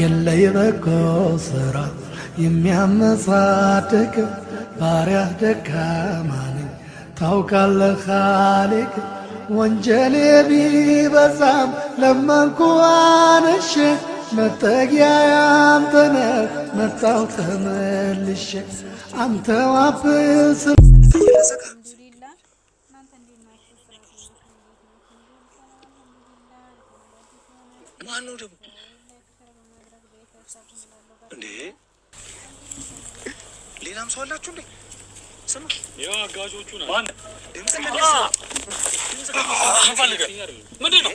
የለይ በጎ ስራ የሚያመጻድቅ ባሪያ ደካማ ነኝ ታውቃለህ ኻሊቅ ወንጀሌ ቢበዛም ለመንኩ አንሼ መጠጊያ ያንተነ መጣሁ ተመልሼ አንተ ዋብስ ማኑ ደግሞ እንዴ ሌላም ሰው አላችሁ እንዴ? ስማ፣ ያው አጋዦቹ ናቸው። ማን ድምፅ ከደስ ምንድን ነው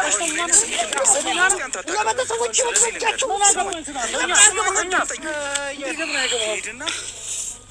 ሰዎች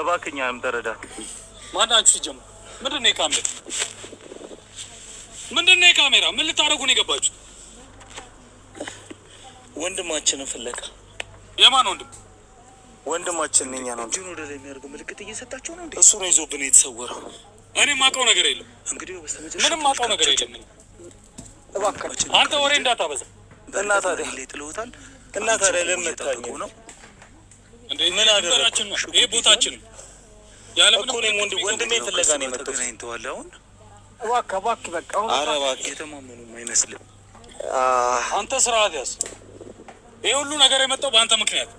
እባክህ እኛንም ተረዳን። ማናችሁ ሲጀምር ምንድን ነው የካሜራ ምንድን ነው የካሜራ ምን ልታደርጉ ነው የገባችሁት? ወንድማችንን ፍለጋ። የማን ወንድም? ወንድማችን እኛ ነው እንጂ ወደ ላይ የሚያደርገው ምልክት እየሰጣቸው ነው። እሱ ነው ይዞብን የተሰወረው። እኔ ማውቀው ነገር የለም። እንግዲህ ምንም ማውቀው ነገር የለም። አንተ ወሬ እንዳታበዛ እና ታዲያ እና ታዲያ ለምን መታኝ ነው ምን ቦታችን ወንድሜ ፍለጋ ነው የመጣሁት። ተገናኝተዋል። አሁን እባክህ እባክህ፣ በቃ ኧረ እባክህ፣ የተማመኑም አይመስልም። አንተ ስርዓት ያዝ። ይህ ሁሉ ነገር የመጣው በአንተ ምክንያት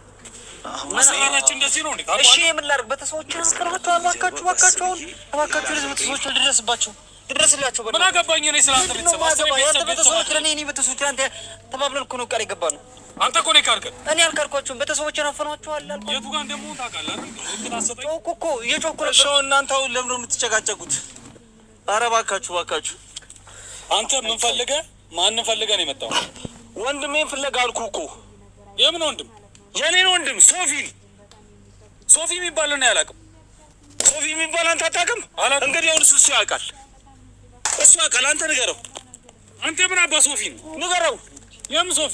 መሰራራችን እንደዚህ ነው። እሺ የምን ላድርግ? ቤተሰቦችን አስቀርባቸው። እባካችሁ እባካችሁ፣ አሁን እባካችሁ ለዚህ ቤተሰቦች ልድረስባቸው፣ ልድረስላቸው። ምን አገባኝ እኔ ስለ አንተ ቤተሰቦች። ቤተሰቦች ለእኔ ቤተሰቦች ተባብለን እኮ ነው ቃል የገባ ነው አንተ እኮ ነው ካርከ እኔ አልካርኳቸውም። ቤተሰቦች ናፈኗቸዋል። የቱ ጋር እንደምሆን ታውቃለህ። ጮኩ እኮ እየጮኩ ነበር። እሺ እናንተ አሁን ለምንድን ነው የምትጨቃጨቁት? ኧረ እባካችሁ እባካችሁ። አንተ ምን ፈልገ ማንን ፈልገህ ነው የመጣው? ወንድሜን ፍለጋ አልኩህ እኮ። የምን ወንድም? የኔን ወንድም ሶፊ ሶፊ የሚባል ነው ያላውቅም። ሶፊ የሚባል አንተ አታውቅም? እንግዲህ አሁን እሱ ያውቃል፣ እሱ ያውቃል። አንተ ንገረው። አንተ ምን አባ ሶፊ ነው ንገረው። የምን ሶፊ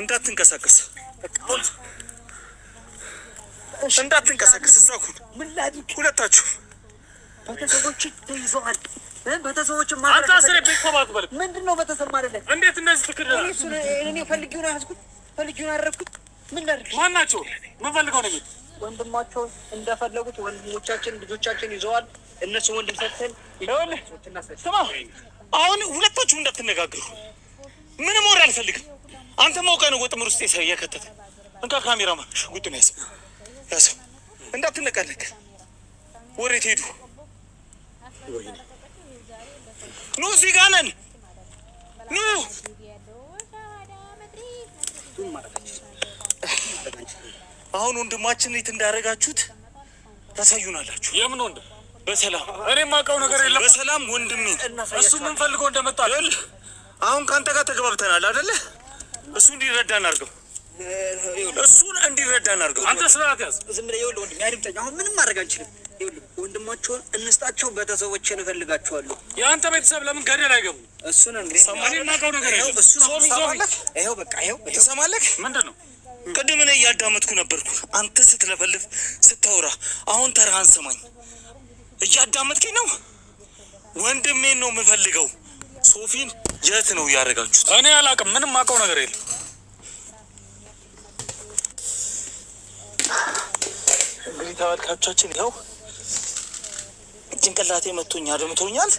እንዳትንቀሳቀስ እንዳትንቀሳቀስ፣ ሁለታችሁ ቤተሰቦች ተይዘዋል። ቤተሰቦች አንተ አስሬ ቤተሰብ ምንድን ነው ቤተሰብ ማለት? እንዴት እነዚህ እኔ ያዝኩት፣ ምን ላድርግ? ማናቸው ነው እንደፈለጉት ወንድሞቻችን ልጆቻችን ይዘዋል። እነሱ ወንድም ሰጥተን ስማ፣ አሁን ሁለታችሁ እንዳትነጋገሩ፣ ምንም ወሬ አልፈልግም። አንተ ማውቀህ ነው ወጥምር ውስጥ የከተተ እንካ ካሜራማ ሽጉጥ ነው ያዘው ያዘው እንዳትነቃለቅ ወሬት ሄዱ ኑ እዚህ ጋር ነን ኑ አሁን ወንድማችን የት እንዳደረጋችሁት ታሳዩናላችሁ የምን ወንድም በሰላም እኔ የማውቀው ነገር የለም በሰላም ወንድሜ እሱ ምን ፈልጎ እንደመጣ አሁን ከአንተ ጋር ተግባብተናል አይደለ እሱ እንዲረዳ እናርገው። እሱን እንዲረዳ እናርገው። አንተ ስርዓት ያዝ። ዝም ብለህ ይኸውልህ፣ ወንድሜ አድምጠኝ። አሁን ምንም ማድረግ አንችልም። ይኸውልህ፣ ወንድማቸውን እንስጣቸው። ቤተሰቦችን እፈልጋቸዋለሁ። የአንተ ቤተሰብ ለምን ገደል አይገቡም? እሱን እንግዲህ የማውቀው ነገር የለም። ይኸው በቃ ይኸው ትሰማለህ። ምንድን ነው ቅድም እኔ እያዳመጥኩ ነበርኩ፣ አንተ ስትለፈልፍ ስታወራ። አሁን ተርሃን ስማኝ። እያዳመጥከኝ ነው? ወንድሜን ነው የምፈልገው ሶፊን የት ነው እያደረጋችሁት? እኔ አላውቅም። ምንም አውቀው ነገር የለም። እንግዲህ ተመልካቾቻችን ይኸው ጭንቅላቴ መቶኛ አድምቶኛል።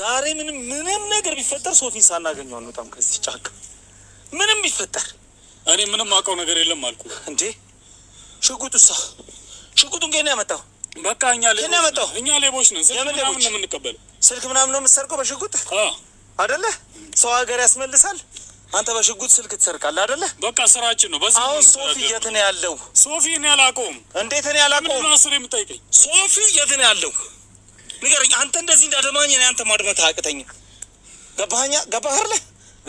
ዛሬ ምንም ምንም ነገር ቢፈጠር ሶፊን ሳናገኘው አንወጣም ከዚህ ጫካ። ምንም ቢፈጠር እኔ ምንም አውቀው ነገር የለም አልኩ እንዴ። ሳ ሽጉጡን ገና ያመጣው በቃ እኛ ሌቦች እኛ ሌቦች ነን። ስልክ ምናምን ነው የምንቀበለው። ስልክ ምናምን ነው የምትሰርቀው በሽጉጥ አደለ? ሰው ሀገር ያስመልሳል። አንተ በሽጉጥ ስልክ ትሰርቃለህ አደለ? በቃ ስራችን ነው። በዚህ አሁን ሶፊ የት ነው ያለው? ሶፊ እኔ አላውቀውም። እንዴት እኔ አላውቀውም? ስር የምጠይቀኝ ሶፊ የት ነው ያለው? ንገረኝ። አንተ እንደዚህ እንዳደማኝ እኔ አንተ ማድመት አቅተኝ። ገባህኛ? ገባህ አይደለ?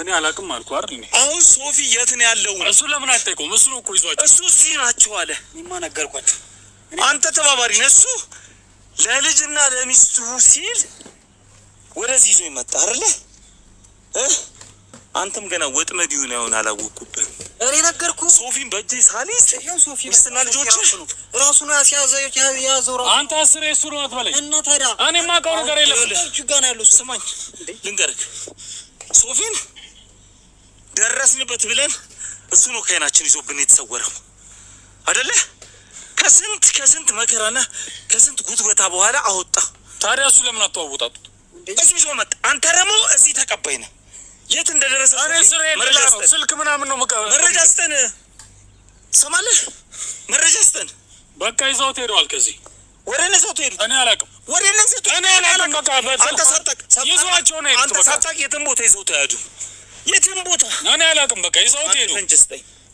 እኔ አላውቅም አልኩ አይደል? አሁን ሶፊ የት ነው ያለው? እሱ ለምን አይጠይቀውም? እሱ ነው እኮ ይዟቸው። እሱ እዚህ ናቸው አለ። እኔማ ነገርኳቸው አንተ ተባባሪ ነህ። እሱ ለልጅና ለሚስቱ ሲል ወደዚህ ይዞ ይመጣ አይደለ? አንተም ገና ወጥመድ ይሁን አይሆን አላወቅኩብህም። እኔ ነገርኩ ሶፊን በእጅ ሳሊስ ሚስትና ልጆች ራሱ ነው ያዘው። ራሱ አንተ አስር የሱ ነው አትበለኝ እና ታዲያ እኔ የማውቀው ነገር የለም። ጋና ያለው ስማኝ፣ ልንገርህ ሶፊን ደረስንበት ብለን እሱ ነው ከዓይናችን ይዞብን የተሰወረው አይደለ? ከስንት ከስንት መከራና ከስንት ጉትጎታ በኋላ አወጣ። ታዲያ እሱ ለምን አተዋወጣጡት? እዚህ ሾ መጣ። አንተ ደግሞ እዚህ ተቀባይ ነህ። የት እንደደረሰ ስልክ ምናምን ነው መረጃ ስጠን፣ ሰማለህ? መረጃ ስጠን። በቃ ይዘውት ሄደዋል። ከዚህ ወደ እነ ሰው ትሄዱ። እኔ አላውቅም፣ ወደ እነ ሰው እኔ አላውቅም። በቃ አንተ ሳታውቅ ይዘዋቸው ነው። አንተ ሳታውቅ የትም ቦታ ይዘው ተያዱ። የትም ቦታ እኔ አላውቅም። በቃ ይዘውት ሄዱ።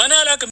እኔ አላቅም።